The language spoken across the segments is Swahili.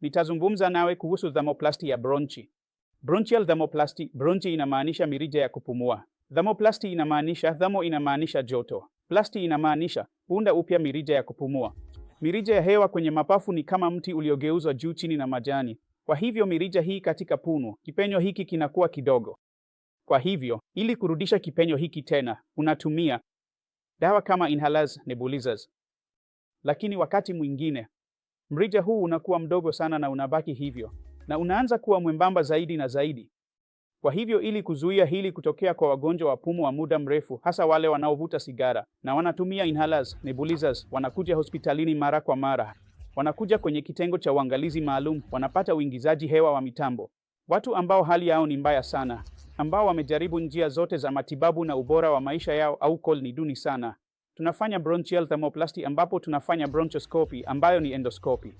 nitazungumza nawe kuhusu thermoplasty ya bronchi. Bronchial thermoplasty, Bronchi inamaanisha mirija ya kupumua. Thermoplasty inamaanisha thermo, inamaanisha joto. Plasti inamaanisha unda upya mirija ya kupumua. Mirija ya hewa kwenye mapafu ni kama mti uliogeuzwa juu chini na majani. Kwa hivyo mirija hii katika pumu, kipenyo hiki kinakuwa kidogo. Kwa hivyo ili kurudisha kipenyo hiki tena, unatumia dawa kama inhalers, nebulizers. Lakini wakati mwingine mrija huu unakuwa mdogo sana na unabaki hivyo, na unaanza kuwa mwembamba zaidi na zaidi. Kwa hivyo, ili kuzuia hili kutokea kwa wagonjwa wa pumu wa muda mrefu, hasa wale wanaovuta sigara na wanatumia inhalers, nebulizers, wanakuja hospitalini mara kwa mara, wanakuja kwenye kitengo cha uangalizi maalum, wanapata uingizaji hewa wa mitambo. Watu ambao hali yao ni mbaya sana, ambao wamejaribu njia zote za matibabu na ubora wa maisha yao au kol ni duni sana tunafanya bronchial thermoplasty ambapo tunafanya bronchoscopy ambayo ni endoscopy.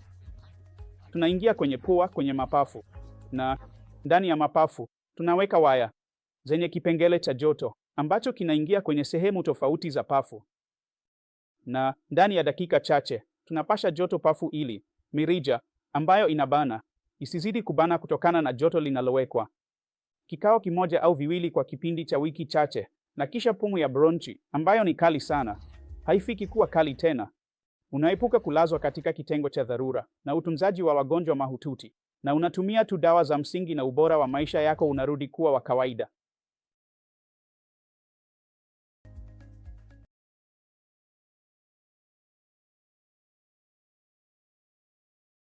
Tunaingia kwenye pua, kwenye mapafu, na ndani ya mapafu tunaweka waya zenye kipengele cha joto ambacho kinaingia kwenye sehemu tofauti za pafu, na ndani ya dakika chache tunapasha joto pafu ili mirija ambayo inabana isizidi kubana kutokana na joto linalowekwa. Kikao kimoja au viwili kwa kipindi cha wiki chache na kisha pumu ya bronchi ambayo ni kali sana haifiki kuwa kali tena. Unaepuka kulazwa katika kitengo cha dharura na utunzaji wa wagonjwa mahututi, na unatumia tu dawa za msingi, na ubora wa maisha yako unarudi kuwa wa kawaida.